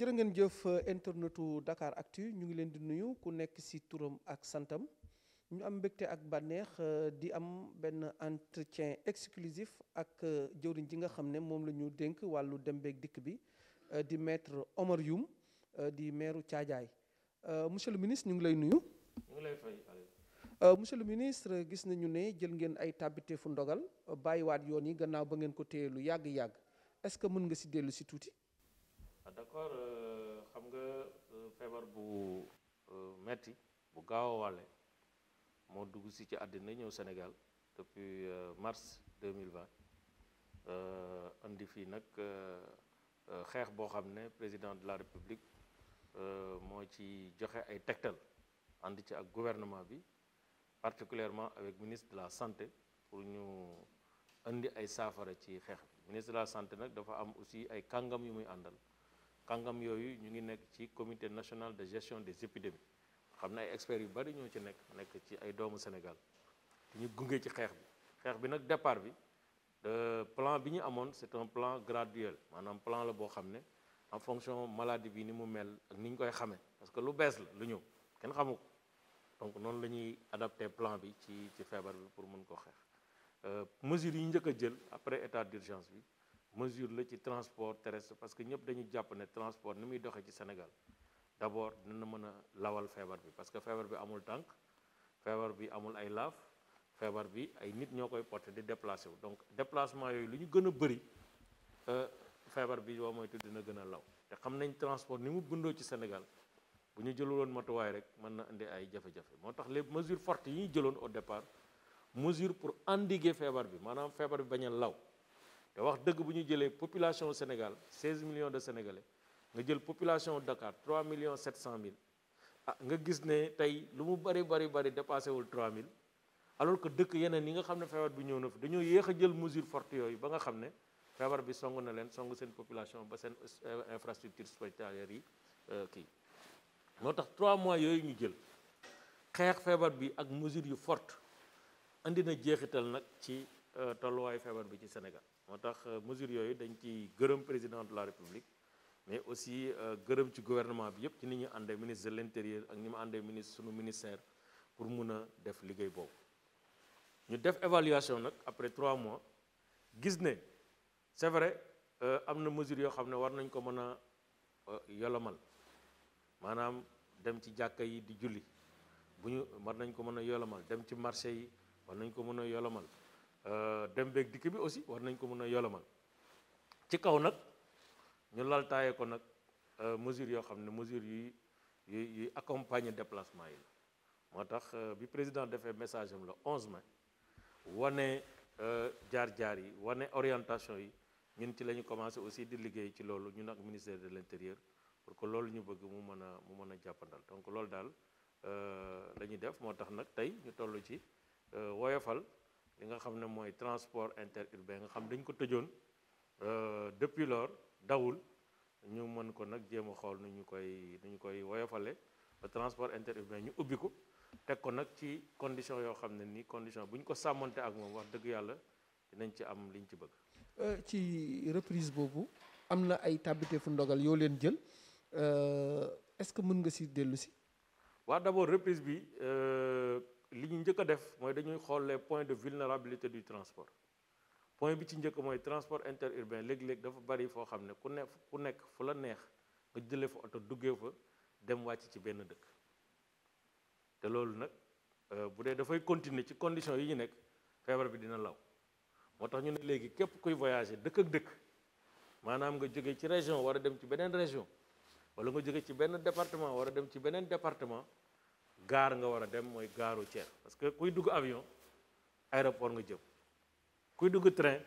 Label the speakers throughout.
Speaker 1: jërë ngeen jëf euh, internetu Dakar Actu ñu ngi leen di nuyu ku nekk ci turam ak santam ñu am mbégte ak bànneex euh, di am benn entretien exclusif ak euh, jëwriñ ji nga xam ne moom la ñu dénk wàllu dem beeg dikk bi di maître Omar Youm di maire Thiadiaye monsieur le ministre ñu ngi lay nuyu. ñu le ministre gis nañu ne jël ngeen ay tàbbite fu ndogal bàyyiwaat yoon yi gannaaw ba ngeen ko téye lu yàgg yàgg est-ce que mën nga ci dellu si tuuti.
Speaker 2: Ah, d' accord euh, xam nga euh, feebar bu euh, metti bu gaaw a wàlle moo dugg si ci àddina ñëw Sénégal depuis mars 2020 andi fii nag xeex boo xam ne président de la république moo ci joxe ay tegtal ànd ci ak gouvernement bi particulièrement avec ministre de la santé pour ñu indi ay saafara ci xeex bi ministre de la santé nag dafa am aussi ay kàngam yu muy àndal kàngam yoyu ñu ngi nekk ci comité national de gestion des épidémies xam ne ay experts yu bari ñoo ci nekk nekk ci ay doomu Sénégal ñu gunge ci xeex bi xeex bi nag départ bi euh, plan bi ñu amoon c'est un plan graduel maanaam plan la boo xam ne en fonction maladie bi ni mu mel ak ni ñu koy xamee parce que lu bees la lu ñëw kenn xamu ko donc noonu la ñuy adapté plan bi ci ci feebar bi pour mën ko xeex euh, mesures yi njëkk a jël après état d'urgence bi mesure la ci transport terrestre parce que ñëpp dañu jàpp ne transport ni muy doxee ci Sénégal d'abord dina mën a lawal feebar bi parce que feebar bi amul tànk feebar bi amul ay laaf feebar bi ay nit ñoo koy porté di déplacé wu donc déplacement yooyu lu ñu gën a bëri euh, feebar bi boo moytu dina gën a law te xam nañ transport ni mu bindoo ci Sénégal bu ñu jëluloon matuwaay rek mën na indi ay jafe-jafe moo tax les mesures fortes yi ñu jëloon au départ mesure pour endiguer feebar bi maanaam feebar bi bañ law te wax dëgg bu ñu jëlee population Sénégal 16 millions de Sénégalais nga jël population Dakar million millions 700 mille ah nga gis ne tey lu mu bari bari bari dépassé wul 3 mille alors que dëkk yeneen yi nga xam ne feebar bi ñëw na fi dañoo yéex a jël mesure forte yooyu ba nga xam ne feebar bi song na leen song seen population ba seen euh, infrastructure hospitalière yi euh, kii moo tax 3 mois yooyu ñu jël xeex feebar bi ak mesure yu fort indi na jeexital nag ci. Euh, tolluwaayu feebar bi ci Sénégal moo tax euh, mesures yooyu dañu ci gërëm président de la République mais aussi euh, gërëm ci gouvernement bi yëpp ci ni ñu àndee ministre de l'intérieur ak ni ma àndee ministre sunu ministère pour mun a def liggéey boobu. ñu def évaluation nag après trois mois gis ne c'est vrai am na mesures yoo xam ne war nañ ko mën a yolomal maanaam dem ci jàkka yi di julli bu ñu war nañ ko mën a yolomal dem ci marché yi war nañ ko mën a yolomal. Euh, dem beeg dikk bi aussi war nañ ko mën a yolomal ci kaw nag ñu laltaaye ko nag euh, mesure yoo xam ne mesure yi yi yi accompagner déplacement yi la moo tax euh, bi président defee message am la 11 mai wane jaar-jaar yi wane orientation yi ñun ci lañu ñu commencé aussi di liggéey ci loolu ñun ak ministère de l'intérieur pour que loolu ñu bëgg mu mën a mu mën a jàppandal donc loolu daal la ñuy def moo tax nag tey ñu toll ci woyofal li nga xam ne mooy transport interurbain nga xam dañ ko tëjoon euh, depuis lors dawul ñu mën ko nag jéem a xool nu ñu koy nu ñu koy woyofale ba transport interurbain ñu ubbi ko teg ko nag ci condition yoo xam ne nii condition bu ñu ko sàmmante ak moom wax dëgg yàlla dinañ ci am liñ ci bëgg.
Speaker 1: Euh, ci reprise boobu am na ay tàbbite fu ndogal yoo leen jël euh, est-ce que mën nga si dellusi
Speaker 2: waa d'abord reprise bi. li ñu njëkk a def mooy dañuy xool les points de vulnérabilité du transport point bi ci njëkk mooy transport interurbain léeg-léeg dafa bari foo xam ne ku ne ku nekk fu la neex nga jëlee fa oto duggee fa dem wacc ci benn dëkk te loolu nag euh, bu dee dafay continuer ci condition yi ñu nekk feebar bi dina law moo tax ñu ne léegi képp kuy voyager dëkk ak dëkk maanaam nga jóge ci région war a dem ci beneen région wala nga jóge ci benn département war a dem ci beneen département gaar nga war a dem mooy gaaru Thiès parce que kuy dugg avion aéroport nga jëm kuy dugg train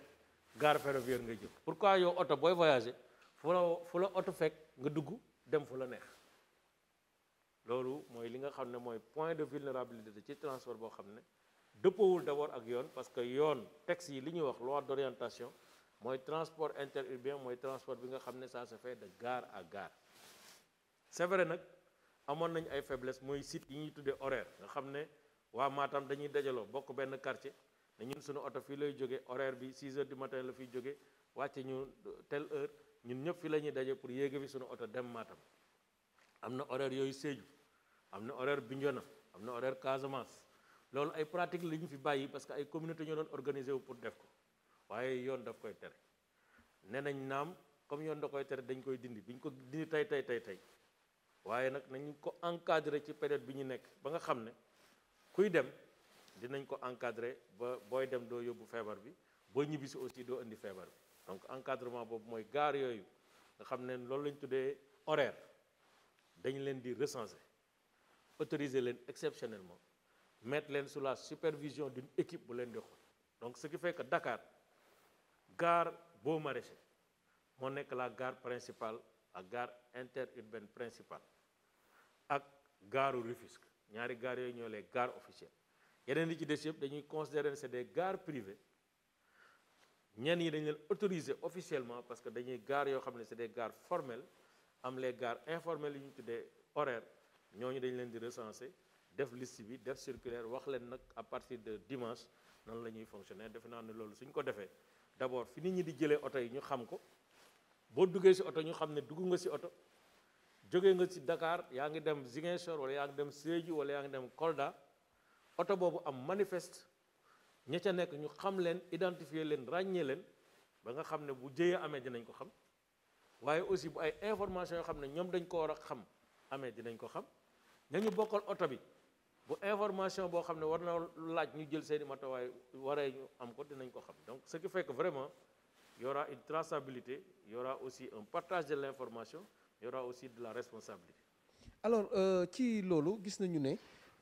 Speaker 2: gare ferroviaire nga jëm pourquoi yow oto booy voyager fu la fu oto fekk nga dugg dem fu la neex loolu mooy li nga xam ne mooy point de vulnérabilité ci transport boo xam ne dëppoowul d'abord ak yoon parce que yoon texte yi li ñuy wax loi d'orientation mooy transport inter interurbain mooy transport bi nga xam ne saa se fait de gare ak gare c'est vrai nag amon nañ ay faiblesse moy site yi ñi tuddé horaire nga xamné wa Matam dañuy dajalo bokk ben quartier né ñun suñu auto fi lay joggé horaire bi 6 h du matin la fi joggé wàcce ñu telle heure ñun ñëpp fi lañuy dajé pour yéege fi suñu auto dem Matam amna horaire yoy séju amna horaire Bignona am na horaire Casamance lool ay pratique liñ fi bayyi parce que ay communauté ñoo doon organiser pour def ko waye yoon daf koy tere nee nañ naam comme yoon da koy tere dañ koy dindi biñ ko dindi tay tay tay tay waaye nag nañu ko encadré ci période bi aussi donc encadrement boobu mooy gare yooyu nga xam horaire dañ leen autoriser leen exceptionnellement mettre leen sous la supervision d'une équipe bu leen donc ce qui fait que Dakar gare Beaux la gare principale la gare interurbaine principale ak gaaru Rufisque ñaari gar yooyu ñoo les gar officielles yeneen li ci des yëpp dañuy considérer ne c'est des gares privées ñenn yi dañ leen autorisé officiellement parce que dañuy gaar yoo xam ne c'est des gares formelles am les gar informelles yu ñu tuddee horaires ñooñu dañ leen di recenser def liste bi def circulaire wax leen nag à partir de dimanche nan la ñuy fonctionner defe naa ne loolu suñ ko defee d'abord fi nit ñi di jëlee oto yi ñu xam ko boo duggee si oto ñu xam ne dugg nga ci oto jóge nga ci Dakar yaa ngi dem Ziguinchor wala yaa ngi dem Sédhiou wala yaa ngi dem Kolda oto boobu am manifeste ña ca nekk ñu xam leen identifier leen ràññee leen ba nga xam ne bu jëyee amee dinañ ko xam waaye aussi bu ay information yoo xam ne ñoom dañ ko war a xam amee dinañ ko xam nañu bokkal oto bi bu information boo xam ne war na laaj ñu jël seeni matuwaay waree ñu am ko dinañ ko xam donc ce qui fait que vraiment yora une traçabilité yora aura aussi un partage de l'information y aussi de la responsabilité.
Speaker 1: alors euh, ci loolu gis nañu ne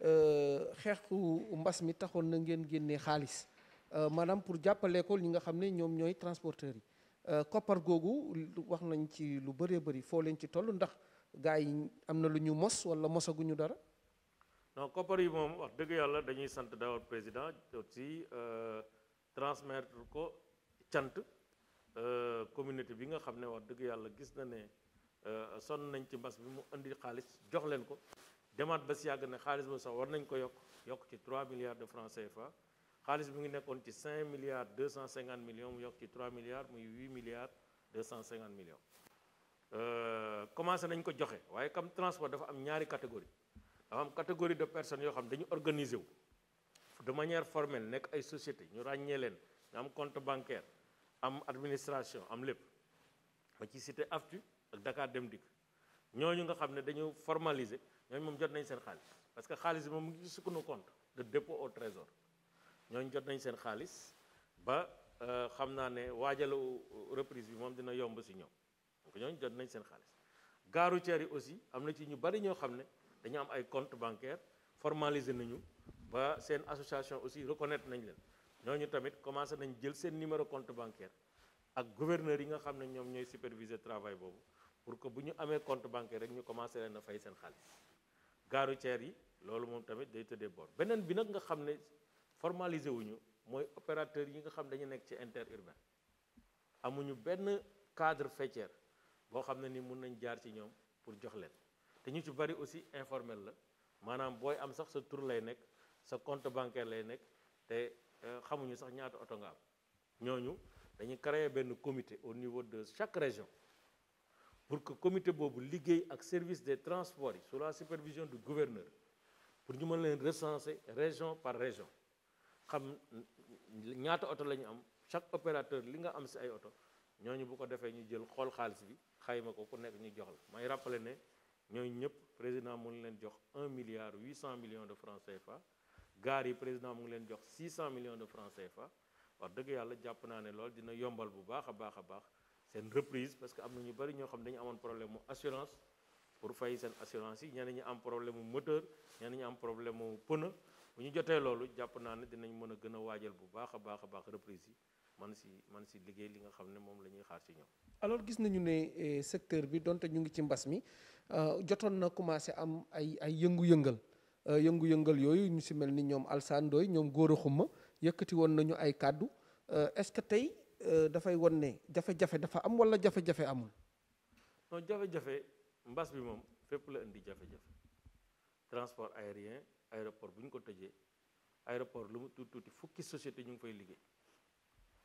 Speaker 1: euh, xeexu mbas mi taxoon na ngeen génnee xaalis euh, maanaam pour jàppale ko ñi nga xam ne ñoom ñooy transporteurs yi koppar googu wax nañ ci lu bëree bëri foo leen ci toll ndax gars yi am na lu ñu mos walla mosaguñu dara.
Speaker 2: non koppar yi moom wax dëgg yàlla dañuy sant d'abord président aussi transmettre ko cant communauté bi nga xam ne wax dëgg yàlla gis na ne. Euh, son nañ ci mbas bi mu andi xaalis jox leen ko demat ba si yàgg ne xaalis boobu sax war nañ ko yok yok ci 3 milliards de francs CFA xaalis bi ngi nekkon ci 5 milliards 250 millions mu yokk ci 3 milliards muy 8 milliards 250 millions. euh commencé nañ ko joxe waye comme transport dafa am ñaari catégorie dafa am catégorie de personnes yo xam dañu organiser wu de manière formelle nek ay société ñu ràññee leen am compte bancaire am administration am lepp ba ci cité AFTU. ak Dakar dem dikk ñooñu nga xam ne dañu formaliser ñooñu moom jot nañ seen xaalis parce que xaalis bi moom mu ngi sukkunu compte de dépôt au trésor ñooñu jot nañ seen xaalis ba euh, xam naa ne waajalu reprise bi moom dina yomb si ñoom donc ñooñu jot nañ seen xaalis gare routière yi aussi am na ci ñu bari ñoo xam ne dañu am ay compte bancaire formaliser nañu ba seen association aussi reconnaître nañ leen ñooñu tamit commencé nañ jël seen numéro compte bancaire ak gouverneur yi nga xam ne ñoom ñooy superviser travail boobu pour que bu ñu amee compte bancaire rek ñu commencé leen a fay seen xaalis gaaru ceer yi loolu moom tamit day tëddee bor beneen bi nag nga xam ne wu ñu mooy opérateur yi nga xam dañu nekk ci interurbain amuñu benn cadre faîtière boo xam ne ni mun nañ jaar ci ñoom pour jox leen te ñu ci bari aussi informel la maanaam booy am sax sa tour lay nekk sa compte bancaire lay nekk te euh, xamuñu sax ñaata oto nga am ñooñu dañu créer benn comité au niveau de chaque région pour que comité boobu Liguey, ak service des transports sous la supervision du gouverneur pour ñu mën leen recenser région par région xam ñaata oto la am chaque opérateur li nga am si ay oto ñooñu bu ko defee ñu jël xool xaalis bi xayma ko ku nekk ñu jox la may rappelé ne ñooñu ñëpp président mu ngi leen jox 1 milliard 800 millions de francs CFA gars, yi président Moulin ngi leen jox 600 millions de francs CFA wax dëgg a jàpp naa ne loolu dina yombal bu baax a baax a baax seen reprise parce que am na ñu bari ñoo xam ne dañu amoon problème mu assurance pour fay seen assurance yi ñeneen ñi am problème mu moteur ñeneen ñi am problème mu pneu bu ñu jotee loolu jàpp naa ne dinañ mën a gën a waajal bu baax a baax a baax reprise yi man si man si liggéey li nga xam ne moom la ñuy xaar ci ñoom.
Speaker 1: alors gis nañu ne euh, secteur bi donte ñu ngi ci mbas mi euh, jotoon na commencé am ay ay yëngu-yëngal euh, yëngu-yëngal yooyu ñu si mel ni ñoom Alsaan Ndoye ñoom Gora Xuma yëkkati woon nañu ay kàddu est-ce tey. Eh, dafay won ne jafé jafe dafa am wala jafé jafé amul
Speaker 2: non jafé jafé mbas bi mom fepp la indi jafé jafé transport aérien aéroport buñ ko tejé aéroport lu tout tout fukki société ñu ngi fay liggé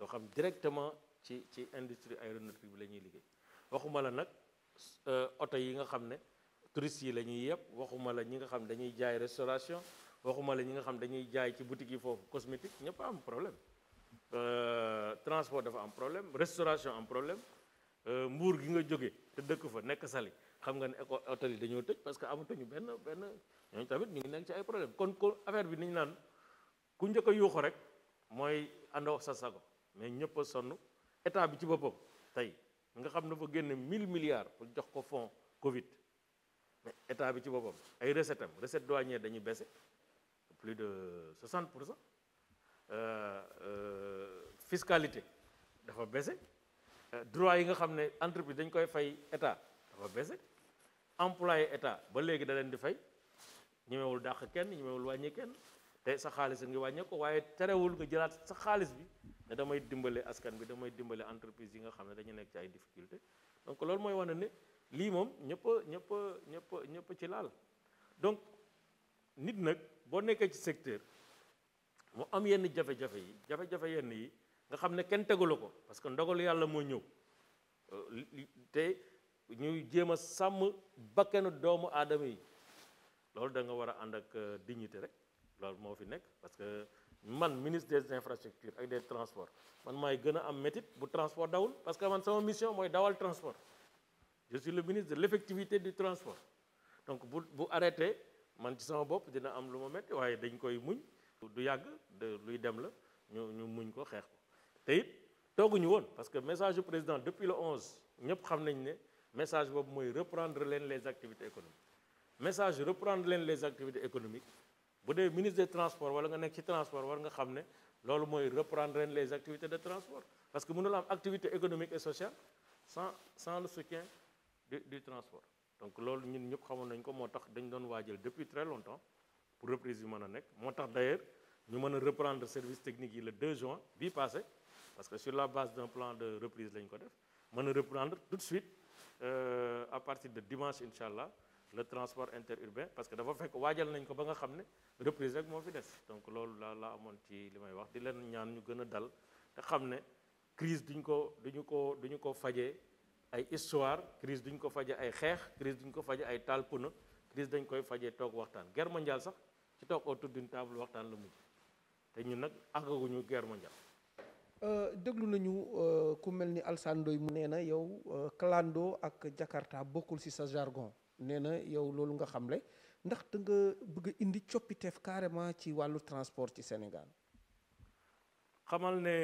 Speaker 2: yoo xam directement ci ci industrie aéronautique bi lañuy liggé nak waxuma la euh auto yi nga xam ne touristes yi la yeb waxuma la ñi nga xam dañuy jaay restauration waxuma la ñi nga xam dañuy jaay ci boutique yi fofu cosmétique ñepp am problème Euh, transport dafa am problème restauration am problème euh, mbuur gi nga jóge te dëkk fa nekk sali xam nga ne éco hôtel yi dañoo tëj parce que amatuñu benn benn ñooñu tamit ñu ngi nekk ci ay problème kon ko affaire bi ni ñu naan ku njëkk a yuuxu rek mooy ànd wax sa sago mais ñëpp sonn état bi ci boppam tey nga xam ne dafa génne mille milliards pour jox ko fonds Covid mais état bi ci boppam ay recettes am recette douanière dañuy baissé plus de 60 pour cent Euh, euh, fiscalité dafa baissé euh, droit yi nga xam ne entreprise dañ koy fay état dafa bese employé état ba léegi da leen di fay ñemewul dàq kenn ñemewul wàññi te sa xaalis ngi wàññi ko waaye terewul nga jëlaat sa xaalis bi ne damay dimbale askan bi damay dimbale entreprise yi nga xam ne dañu nekk ci ay difficulté donc loolu mooy wane ne lii moom ñëpp a ñëpp a ñëpp ñëpp ci laal donc nit nag boo nekkee ci secteur mu am yenn jafe-jafe yi jafe-jafe yenn yi nga xam ne kenn tegalu ko parce que ndogalu yàlla moo ñëw euh, te ñuy jéem a sàmm bakkanu doomu aadama yi loolu da nga war a ànd ak euh, dignité rek loolu moo fi nekk parce que man ministre des infrastructures ak des transports man maay gën a am métit bu transport dawul parce que man sama mission mooy dawal transport je le ministre de l'effectivité du transport donc bu bu arrêté man ci sama bopp dina am lu ma métti waaye dañ koy muñ du yàgg de luy dem la ñu ñu muñ ko xeex ko te it parce que message du président depuis le 11 nous xam nañ ne message boobu reprendre les activités économiques message reprendre les activités économiques bu dee ministre des transports wala nga nekk ci transport war reprendre les activités de transport parce que avons des activité économique et sociale sans sans le soutien du transport donc nous ñun ñëpp xamoon nañ ko moo dañ depuis très longtemps pour reprise du mën d'ailleurs nous allons reprendre le service technique le 2 juin huit passé parce que sur la base d'un plan de reprise de ko nous allons reprendre tout de suite euh, à partir de dimanche le transport interurbain parce que dafa nous nañ ko ba reprise rek donc ci crise duñ ko dis dañ koy fajee toog waxtaan guerre mondiale sax ci toog autour d'une table waxtaan la mujj te ñun nag àggaguñu guerre mondiale.
Speaker 1: Euh, déglu nañu euh, ku mel ni Alassane Ndoye mu nee na yow euh, clando ak Jakarta bokkul ci sa jargon nee na yow loolu nga xamle ndax da nga bëgg indi coppiteef carrément ci wàllu transport ci Sénégal.
Speaker 2: xamal ne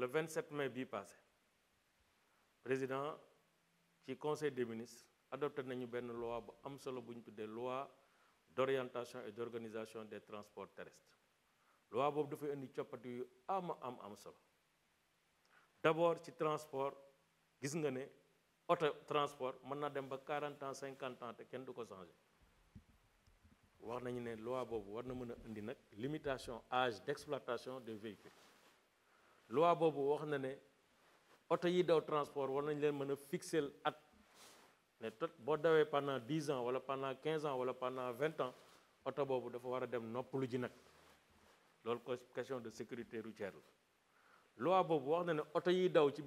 Speaker 2: le 27 mai bii passé président ci conseil des ministres. adopté nañu benn loi bu am solo buñ tuddé loi d'orientation et d'organisation des transports terrestres loi bobu da fay indi coppati yu ama am am solo d'abord ci transport gis nga né auto transport mën naa dem ba 40 ans 50 ans té kenn du ko changé wax nañu né loi bobu war na mëna indi nak limitation âge d'exploitation des véhicules loi bobu wax na né auto yi daw transport war nañ leen mëna fixer at ne pendant 10 ans pendant 15 ans pendant 20 ans question de sécurité routière loi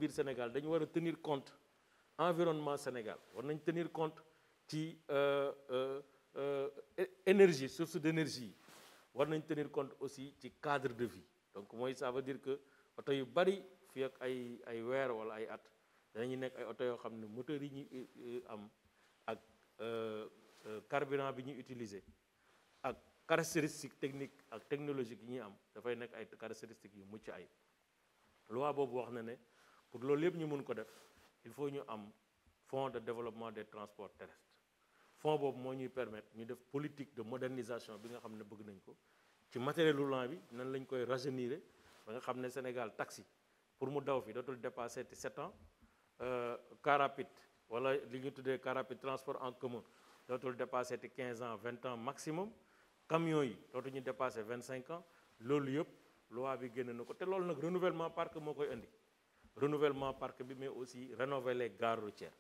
Speaker 2: Sénégal on tenir compte environnement Sénégal On tenir compte ci euh, euh, euh, énergie source d'énergie On tenir compte aussi du cadre de vie donc ça veut dire que danañu nekk ay oto yoo xam ne moteur yi ñu euh, euh, am ak euh, carburant bi ñuy utiliser ak caractéristique technique ak technologique yi ñuy am dafay nekk ay caractéristiques yu mucc ay loi boobu wax na ne pour loolu yëpp ñu mun ko def il faut ñu am fonds de développement des transports terrestres fonds boobu moo ñuy permettre ñu def politique de modernisation bi nga xam ne bëgg nañ ko ci matériel roulant bi nan lañ koy rajeunir ba nga xam ne Sénégal taxi pour mu daw fi dootul dépasser te 7 ans euh, Carapit voilà wala Carapit transport en commun dootul dépassé 15 ans 20 ans maximum camion, yi dootu ñu 25 ans loolu yëpp loi bi génn na ko te renouvellement parc moo koy Le renouvellement parc mais aussi renouveler gare routière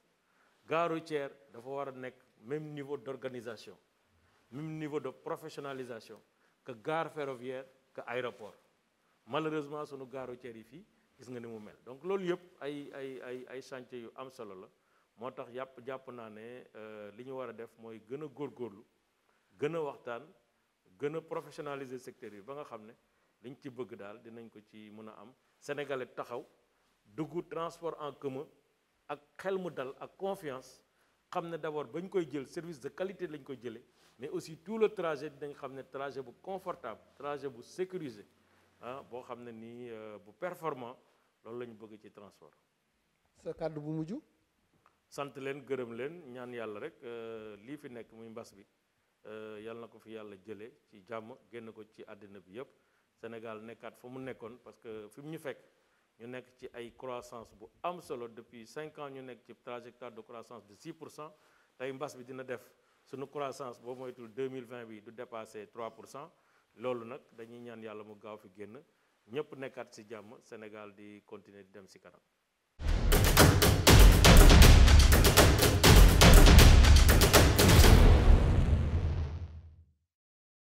Speaker 2: gare routière dafa faut avoir le même niveau d'organisation même niveau de professionnalisation que gare ferroviaire que aéroport malheureusement sunu gare routière yi gis nga ni mu mel donc loolu yëpp ay ay ay ay yu am solo la def waxtaan secteur yi ba nga transport en commun ak dal confiance xam d'abord bañ koy jël service de qualité mais aussi tout le trajet dinañ xam trajet bu confortable trajet sécurisé ah, bo xamné ni euh, bu performant lolou lañu bëgg ci transport.
Speaker 1: ce cadre bu muju
Speaker 2: sante leen gërëm leen ñaan yalla rek euh, li fi nekk muy mbass bi euh, yàlla na ko fi yalla jëlé ci jamm genn ko ci aduna bi yëpp Sénégal nekkat fu mu nekkoon parce que fimu ñu fekk ñu nekk ci ay croissance bu am solo depuis 5 ans ñu nekk ci trajectoire de croissance de 6 tay mbass bi dina def suñu croissance bo moytul 2020 bi du dépasser 3 loolu nag dañuy ñaan yàlla mu gaaw fi génn ñëpp nekkaat si jàmm Sénégal di continuer di dem ci kanam.